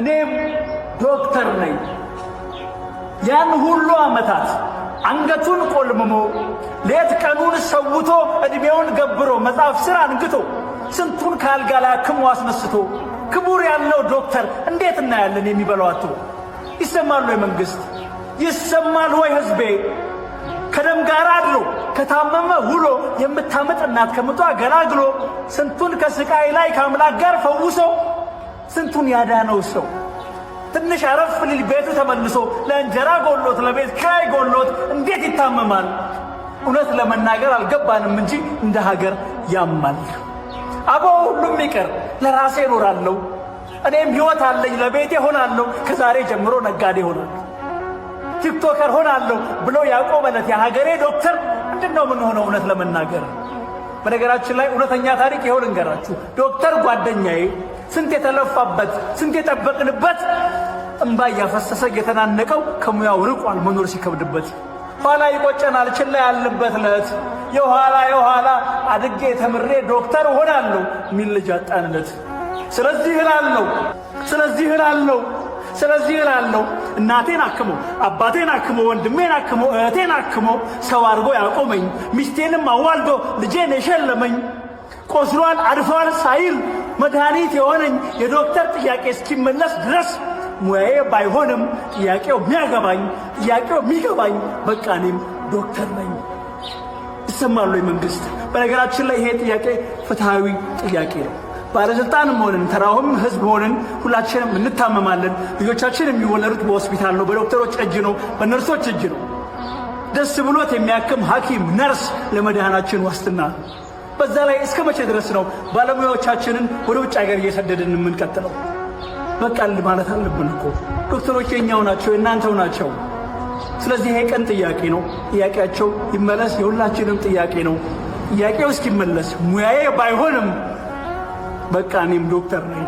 እኔም ዶክተር ነኝ። ያን ሁሉ ዓመታት አንገቱን ቆልምሞ ሌት ቀኑን ሰውቶ ዕድሜውን ገብሮ መጽሐፍ ስር አንግቶ ስንቱን ከአልጋ ላይ አክሞ አስነስቶ ክቡር ያለው ዶክተር እንዴት እናያለን? የሚበላው ይሰማል ወይ መንግሥት? ይሰማል ወይ ሕዝቤ? ከደም ጋር አድሎ ከታመመ ውሎ የምታምጥ እናት ከምጧ ገላግሎ ስንቱን ከስቃይ ላይ ከአምላክ ጋር ፈውሶ ስንቱን ያዳነው ሰው ትንሽ አረፍ ሊል ቤቱ ተመልሶ ለእንጀራ ጎሎት ለቤት ከላይ ጎሎት እንዴት ይታመማል? እውነት ለመናገር አልገባንም እንጂ እንደ ሀገር ያማል። አቦ ሁሉም ይቅር፣ ለራሴ እኖራለሁ፣ እኔም ሕይወት አለኝ፣ ለቤቴ ሆናለሁ፣ ከዛሬ ጀምሮ ነጋዴ ሆናለሁ፣ ቲክቶከር ሆናለሁ ብሎ ያቆመለት የሀገሬ ዶክተር ምንድን ነው የምንሆነው? እውነት ለመናገር በነገራችን ላይ እውነተኛ ታሪክ ይኸው ልንገራችሁ። ዶክተር ጓደኛዬ ስንት የተለፋበት ስንት የጠበቅንበት እንባ እያፈሰሰ የተናነቀው ከሙያው ርቋል መኖር ሲከብድበት ኋላ ይቆጨናል ችላ ያልንበት ለት የኋላ የኋላ አድጌ ተምሬ ዶክተር እሆናለሁ ሚል ልጅ አጣንለት። ስለዚህ እላለሁ ስለዚህ እላለሁ ስለዚህ እላለሁ እናቴን አክሞ አባቴን አክሞ ወንድሜን አክሞ እህቴን አክሞ ሰው አድርጎ ያቆመኝ ሚስቴንም አዋልዶ ልጄን የሸለመኝ ቆስሏል አድፏል ሳይል መድኃኒት የሆነኝ የዶክተር ጥያቄ እስኪመለስ ድረስ ሙያዬ ባይሆንም ጥያቄው የሚያገባኝ ጥያቄው የሚገባኝ በቃ እኔም ዶክተር ነኝ። ይሰማሉ መንግስት። በነገራችን ላይ ይሄ ጥያቄ ፍትሐዊ ጥያቄ ነው። ባለስልጣንም ሆንን ተራውም ህዝብ ሆንን ሁላችንም እንታመማለን። ልጆቻችን የሚወለዱት በሆስፒታል ነው፣ በዶክተሮች እጅ ነው፣ በነርሶች እጅ ነው። ደስ ብሎት የሚያክም ሐኪም ነርስ ለመድኃናችን ዋስትና በዛ ላይ እስከ መቼ ድረስ ነው ባለሙያዎቻችንን ወደ ውጭ ሀገር እየሰደድን የምንቀጥለው? በቃል ማለት አለብን እኮ ዶክተሮች የእኛው ናቸው፣ የእናንተው ናቸው። ስለዚህ ይሄ ቀን ጥያቄ ነው። ጥያቄያቸው ይመለስ፣ የሁላችንም ጥያቄ ነው። ጥያቄው እስኪመለስ ሙያዬ ባይሆንም በቃ እኔም ዶክተር ነኝ